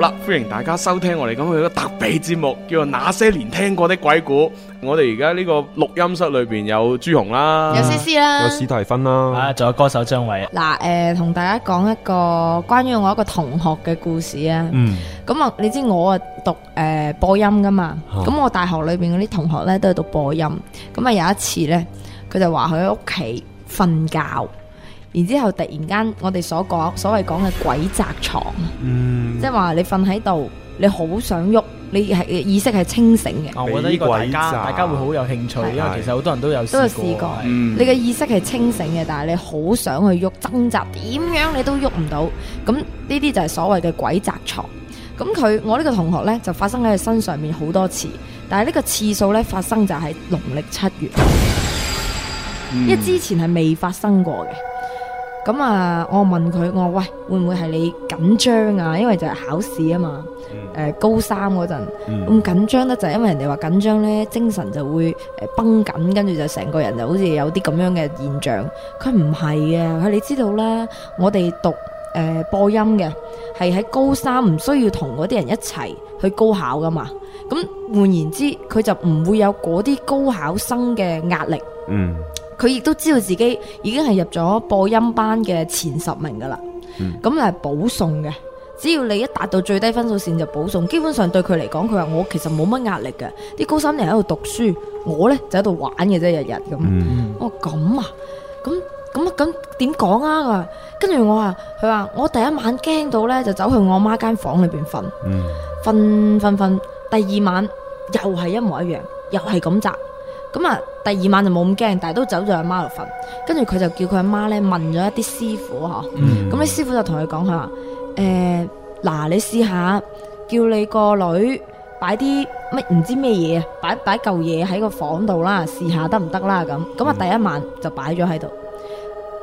啦！歡迎大家收聽我哋今日一個特別節目，叫做《那些年聽過的鬼故》。我哋而家呢個錄音室裏邊有朱紅啦，有詩詩啦，有史提芬啦，啊，仲有歌手張偉。嗱，誒，同大家講一個關於我一個同學嘅故事啊。嗯。咁啊，你知我啊讀誒播音噶嘛？咁我大學裏邊嗰啲同學咧都係讀播音。咁啊有一次咧，佢就話佢喺屋企瞓覺。然之後突然間，我哋所講所謂講嘅鬼責床，嗯、即係話你瞓喺度，你好想喐，你係意識係清醒嘅。我覺得呢個大家大家會好有興趣，是是因為其實好多人都有試過。你嘅意識係清醒嘅，但係你好想去喐掙扎，點樣你都喐唔到。咁呢啲就係所謂嘅鬼責床。咁佢我呢個同學呢，就發生喺佢身上面好多次，但係呢個次數呢，發生就係農曆七月，因為、嗯、之前係未發生過嘅。咁啊，我問佢，我話喂，會唔會係你緊張啊？因為就係考試啊嘛，誒、嗯呃，高三嗰陣咁緊張得滯，因為人哋話緊張咧，精神就會誒繃緊，跟住就成個人就好似有啲咁樣嘅現象。佢唔係嘅，佢你知道啦，我哋讀誒、呃、播音嘅，係喺高三唔需要同嗰啲人一齊去高考噶嘛。咁換言之，佢就唔會有嗰啲高考生嘅壓力。嗯。佢亦都知道自己已經係入咗播音班嘅前十名噶啦，咁係、嗯、保送嘅。只要你一達到最低分數線就保送，基本上對佢嚟講，佢話我其實冇乜壓力嘅。啲高三人喺度讀書，我呢就喺度玩嘅啫，日日咁。咁嗯、我話咁啊，咁咁咁點講啊？佢話，跟住我話，佢話我第一晚驚到呢就走去我媽間房裏邊瞓，瞓瞓瞓，第二晚又係一模一樣，又係咁扎。咁啊，第二晚就冇咁驚，但係都走咗阿媽度瞓，跟住佢就叫佢阿媽咧問咗一啲師傅嗬，咁啲、嗯、師傅就同佢講佢話，誒、欸，嗱，你試下叫你個女擺啲乜唔知咩嘢，擺擺嚿嘢喺個房度啦，試下得唔得啦咁，咁啊、嗯、第一晚就擺咗喺度，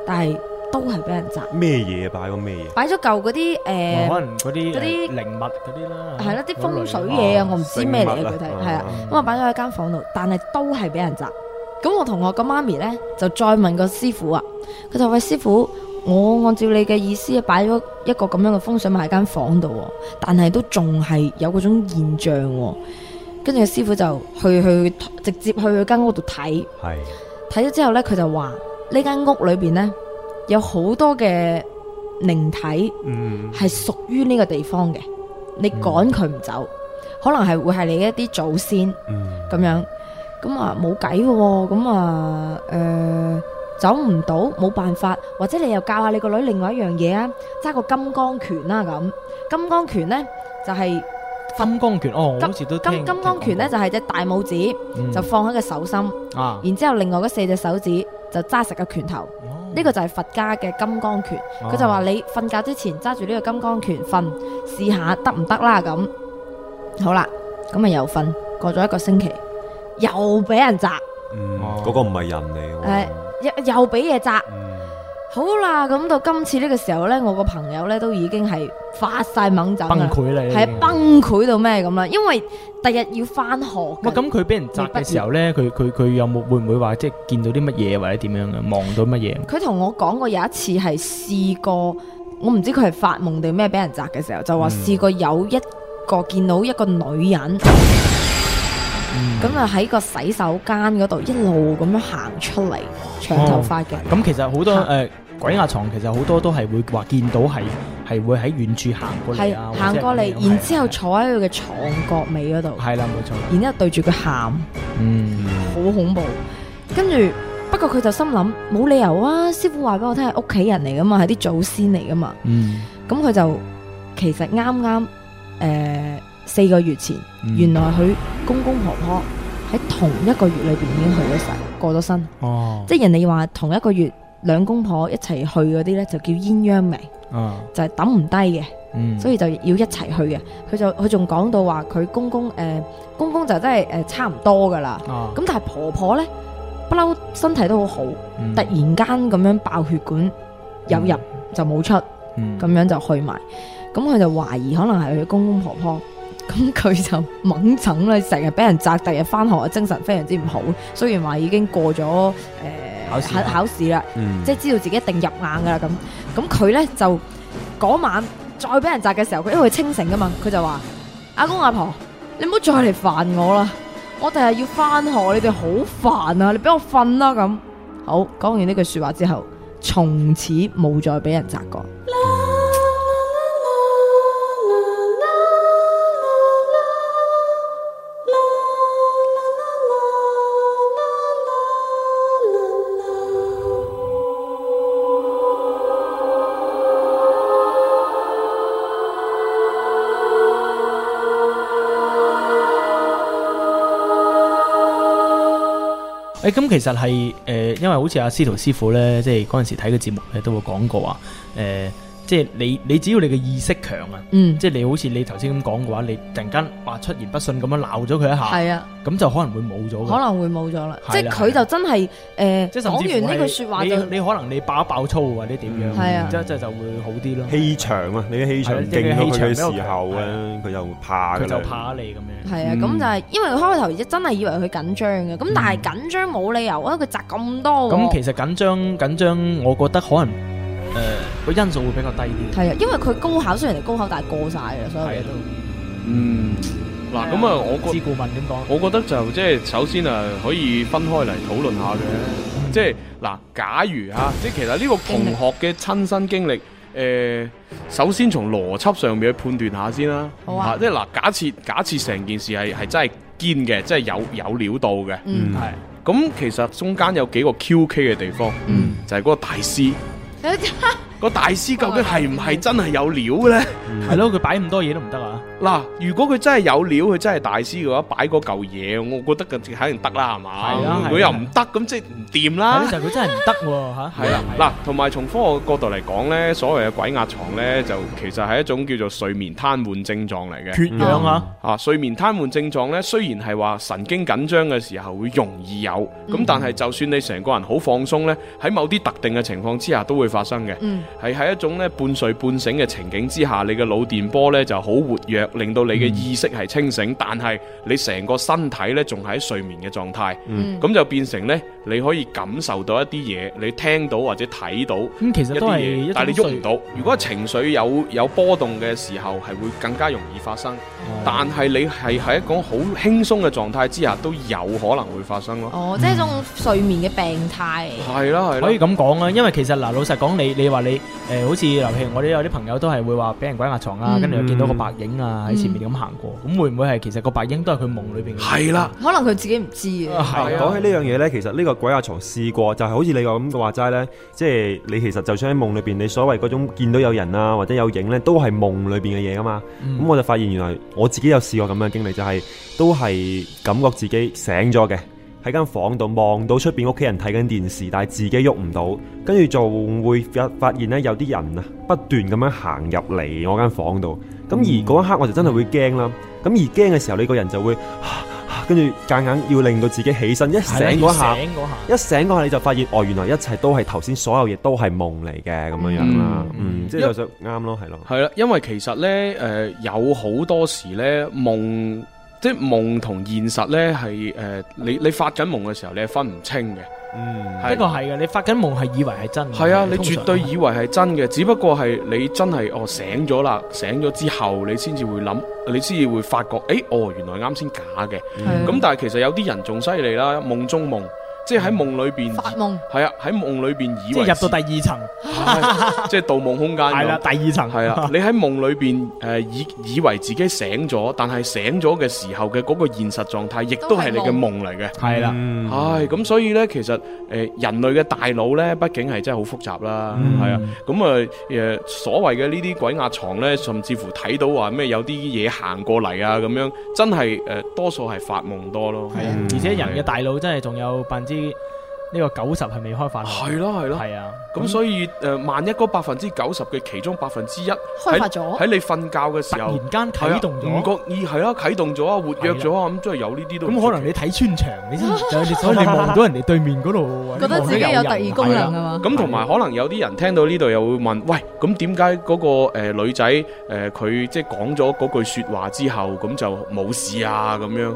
但係。都係俾人砸，咩嘢擺過咩嘢？擺咗舊嗰啲誒，可能嗰啲嗰啲靈物嗰啲啦，係啦啲風水嘢啊，的我唔知咩嚟嘅佢睇，係啊咁啊擺咗喺間房度，但係都係俾人砸。咁、嗯、我同學個媽咪咧就再問個師傅啊，佢就話師傅，我按照你嘅意思擺咗一個咁樣嘅風水埋喺間房度，但係都仲係有嗰種現象。跟住師傅就去去直接去間屋度睇，睇咗的之後咧，佢就話呢間屋裏邊呢有好多嘅靈體係屬於呢個地方嘅，嗯、你趕佢唔走，嗯、可能係會係你一啲祖先咁、嗯、樣，咁啊冇計嘅，咁啊誒走唔到，冇辦法，或者你又教下你個女另外一樣嘢啊，揸個金剛拳啦咁，金剛拳呢就係、是、金剛拳哦，我好似都聽過。金金剛拳呢就係隻大拇指、嗯、就放喺個手心，嗯啊、然之後另外嗰四隻手指就揸實個拳頭。呢、嗯、個就係佛家嘅金剛拳，佢就話你瞓覺之前揸住呢個金剛拳瞓，試下得唔得啦咁。好啦，咁咪又瞓，過咗一個星期又俾人責。嗰、嗯哦、個唔係人嚟。係、哎、又俾嘢責。嗯好啦，咁到今次呢個時候呢，我個朋友呢都已經係發晒猛酒啦，係崩潰到咩咁啦？因為第日要翻學。咁，佢俾人責嘅時候呢，佢佢有冇會唔會話即係見到啲乜嘢或者點樣嘅？望到乜嘢？佢同我講過有一次係試過，我唔知佢係發夢定咩俾人責嘅時候，就話試過有一個見到一個女人，咁啊喺個洗手間嗰度一路咁樣行出嚟。長頭髮嘅，咁、哦、其實好多誒哭、呃、鬼壓床，其實好多都係會話見到係係會喺遠處行過、啊，係行是過嚟，然之後坐喺佢嘅床角尾嗰度，係啦，冇錯。然之後對住佢喊，嗯，好恐怖、啊。跟住，不過佢就心諗冇理由啊，師傅話俾我聽係屋企人嚟噶嘛，係啲祖先嚟噶嘛，嗯。咁佢就其實啱啱誒四個月前，嗯、原來佢公公婆婆。喺同一個月裏邊已經去咗世，過咗身。哦，oh. 即係人哋話同一個月兩公婆一齊去嗰啲呢，就叫鴛鴦命，oh. 就係抌唔低嘅。Mm. 所以就要一齊去嘅。佢就佢仲講到話佢公公誒、呃，公公就真係誒、呃、差唔多噶啦。咁、oh. 但係婆婆呢，不嬲身體都好好，mm. 突然間咁樣爆血管有入、mm. 就冇出，咁、mm. 樣就去埋。咁佢就懷疑可能係佢公公婆婆。咁佢就懵整啦，成日俾人責，第日翻學嘅精神非常之唔好。雖然話已經過咗誒、呃、考試考試啦，嗯、即係知道自己一定入硬噶啦咁。咁佢呢，就嗰晚再俾人責嘅時候，佢因為清醒㗎嘛，佢就話阿公阿婆，你唔好再嚟煩我啦，我第日要翻學，你哋好煩啊，你俾我瞓啦咁。好，講完呢句說話之後，從此冇再俾人責過。咁、哎、其實係、呃、因為好似阿司徒師傅咧，即係嗰陣時睇嘅節目咧，都會講過話、呃即係你，你只要你嘅意識強啊，嗯，即係你好似你頭先咁講嘅話，你突然間話出言不遜咁樣鬧咗佢一下，係啊，咁就可能會冇咗嘅，可能會冇咗啦，即係佢就真係誒講完呢句説話就，你你可能你爆一爆粗或者點樣，係啊，即係就會好啲咯，氣場啊，你嘅氣場勁咗佢咩時候咧，佢就怕嘅，佢就怕你咁樣，係啊，咁就係因為開頭真係以為佢緊張嘅，咁但係緊張冇理由啊，佢窒咁多，咁其實緊張緊張，我覺得可能。個因素會比較低啲。係啊，因為佢高考雖然人哋高考，但係過晒，嘅，所以都嗯嗱。咁啊，我資顧問點講？我覺得，我覺得就即係首先啊，可以分開嚟討論一下嘅。即係嗱，假如吓，即係其實呢個同學嘅親身經歷，誒，首先從邏輯上面去判斷一下先啦。好啊。即係嗱，假設假設成件事係係真係堅嘅，即係有有料到嘅。嗯。係。咁其實中間有幾個 QK 嘅地方。嗯。就係嗰個大師。 個大師究竟係唔係真係有料咧？係咯、嗯， 佢擺咁多嘢都唔得啊！嗱，如果佢真係有料，佢真係大師嘅話，擺嗰嚿嘢，我覺得嘅肯定得啦，係嘛？佢、啊啊啊啊、又唔得，咁即係唔掂啦。係、啊，就係佢真係唔得喎嚇。係啦，嗱，同埋從科學角度嚟講呢，所謂嘅鬼壓床呢，就其實係一種叫做睡眠癱瘓症狀嚟嘅缺氧啊。 嗯、啊，睡眠癱瘓症狀呢，雖然係話神經緊張嘅時候會容易有，咁但係就算你成個人好放鬆呢，喺某啲特定嘅情況之下都會發生嘅。嗯，係喺一種呢半睡半醒嘅情景之下，你嘅腦電波呢就好活躍。令到你嘅意識係清醒，嗯、但係你成個身體咧仲係喺睡眠嘅狀態，咁、嗯、就變成咧。你可以感受到一啲嘢，你聽到或者睇到一啲嘢，嗯、其實都係但係你喐唔到。碎如果情緒有有波動嘅時候，係會更加容易發生。嗯、但係你係喺一種好輕鬆嘅狀態之下，都有可能會發生咯。哦，即、就、係、是、一種睡眠嘅病態。係啦、嗯，係啦。可以咁講啦，因為其實嗱，老實講，你你話你誒、呃，好似嗱，譬如我哋有啲朋友都係會話俾人鬼壓床啊，跟住、嗯、又見到個白影啊喺前面咁行過。咁、嗯、會唔會係其實個白影都係佢夢裏邊？係啦的，可能佢自己唔知嘅。講的的起呢樣嘢咧，其實呢、呢個。鬼壓床試過，就係好似你話咁嘅話齋呢。即係你其實就算喺夢裏邊，你所謂嗰種見到有人啊或者有影呢，都係夢裏邊嘅嘢啊嘛。咁，嗯，我就發現原來我自己有試過咁樣嘅經歷，就係都係感覺自己醒咗嘅。喺間房度望到出邊屋企人睇緊電視，但係自己喐唔到，跟住就會發發現咧，有啲人啊不斷咁樣行入嚟我間房度。咁而嗰一刻我就真係會驚啦。咁而驚嘅時候，你個人就會跟住夾硬要令到自己起身。一醒嗰下，一醒嗰下你就發現哦，原來一切都係頭先所有嘢都係夢嚟嘅咁樣樣啦。嗯，即係就啱咯，係咯。係啦，因為其實咧，誒有好多時咧夢。即係夢同現實呢係誒、呃，你你發緊夢嘅時候，你係分唔清嘅。嗯，一個係嘅，你發緊夢係以為係真嘅。係啊，係你絕對以為係真嘅，只不過係你真係哦醒咗啦，醒咗之後你先至會諗，你先至會發覺，誒、欸，哦，原來啱先假嘅。係、嗯。咁是、啊、但係其實有啲人仲犀利啦，夢中夢。即係喺夢裏邊，發夢、嗯，係啊，喺夢裏邊以為，即係入到第二層，即係盜夢空間。係啦，第二層。係啊， 你喺夢裏邊誒以以為自己醒咗，但係醒咗嘅時候嘅嗰個現實狀態，亦都係你嘅夢嚟嘅。係啦、啊，唉、嗯、咁、啊、所以咧，其實誒、呃、人類嘅大腦咧，畢竟係真係好複雜啦，係、嗯、啊，咁啊誒所謂嘅呢啲鬼壓床咧，甚至乎睇到話咩有啲嘢行過嚟啊，咁樣真係誒、呃、多數係發夢多咯。係、嗯、啊，而且人嘅大腦真係仲有百分之。呢個九十係未開發的，係咯係咯，係啊。咁的、嗯、所以誒、呃，萬一嗰百分之九十嘅其中百分之一，在開發咗喺你瞓覺嘅時候，突然間啟動咗，唔覺意係啦，啟、欸、動咗啊，活躍咗啊，咁即係有呢啲都。咁可能你睇穿牆，你、啊、所以你望到人哋對面嗰度啊， 你覺得自己有特異功能㗎嘛。咁同埋可能有啲人聽到呢度又會問：的喂，咁點解嗰個誒女仔誒佢即係講咗嗰句說話之後，咁就冇事啊咁樣？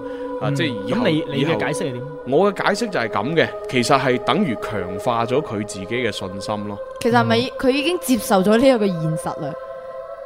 即係咁，你你嘅解釋係點？我嘅解釋就係咁嘅，其實係等於強化咗佢自己嘅信心咯。其實係咪佢已經接受咗呢一個現實啦、嗯？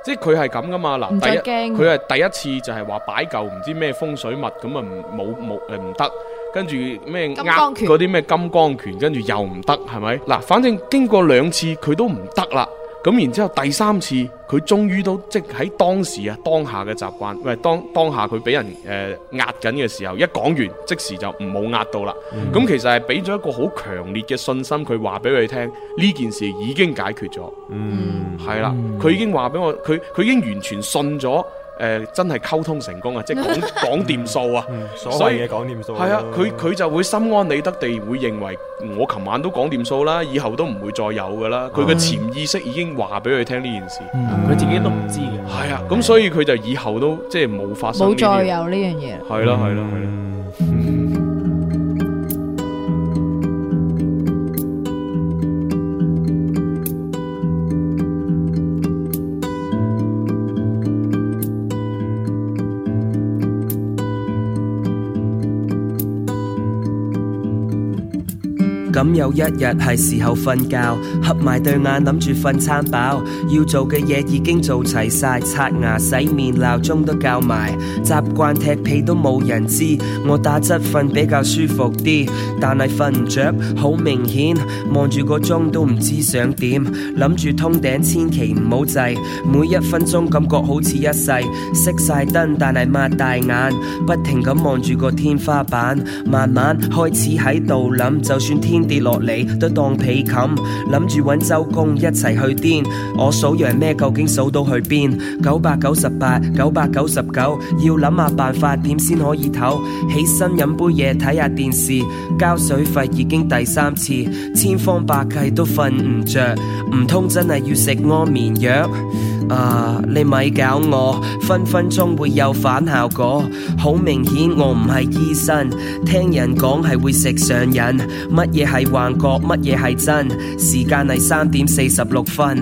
即係佢係咁噶嘛？嗱，第一佢係第一次就係話擺舊唔知咩風水物咁啊，冇冇誒唔得，跟住咩？不金光拳嗰啲咩金光拳，跟住又唔得，係咪？嗱，反正經過兩次佢都唔得啦。咁然之後第三次，佢終於都即喺當時啊當下嘅習慣，唔當當下佢俾人誒、呃、壓緊嘅時候，一講完即時就唔冇壓到啦。咁、嗯、其實係俾咗一個好強烈嘅信心，佢話俾佢聽呢件事已經解決咗。嗯，係啦的，佢、嗯、已經話俾我，佢佢已經完全信咗。誒、呃，真係溝通成功啊！即係講講掂數啊，嗯嗯、所，數啊所謂嘅講掂數係啊，佢佢就會心安理得地會認為我琴晚都講掂數啦，以後都唔會再有噶啦。佢嘅潛意識已經話俾佢聽呢件事，佢、哎、自己都唔知嘅。係、嗯、啊，咁所以佢就以後都即係冇發生冇再有呢樣嘢。係啦、啊，係啦、啊，係啦、啊。咁、嗯、有一日係時候瞓覺，合埋對眼諗住瞓餐飽，要做嘅嘢已經做齊晒，刷牙洗面鬧鐘都校埋，習慣踢被都冇人知，我打側瞓比較舒服啲，但係瞓唔着好明顯，望住個鐘都唔知想點，諗住通頂千祈唔好滯，每一分鐘感覺好似一世，熄晒燈但係擘大眼，不停咁望住個天花板，慢慢開始喺度諗，就算天，跌落嚟都當被冚，諗住搵周公一齊去癲。我數羊咩？究竟數到去邊？九百九十八，九百九十九，要諗下辦法點先可以唞。起身飲杯嘢，睇下電視。交水費已經第三次，千方百計都瞓唔着，唔通真係要食安眠藥？啊！Uh, 你咪搞我，分分鐘會有反效果。好明顯我唔係醫生，聽人講係會食上癮。乜嘢係幻覺，乜嘢係真？時間係三點四十六分，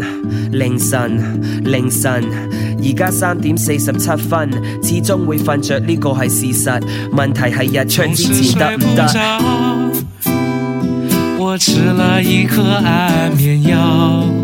凌晨凌晨，而家三點四十七分，始終會瞓着，呢個係事實。問題係日出之前得唔得？行行我吃了一顆安眠藥。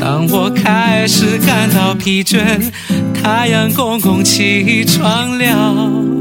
當我開始感到疲倦，太陽公公起床了。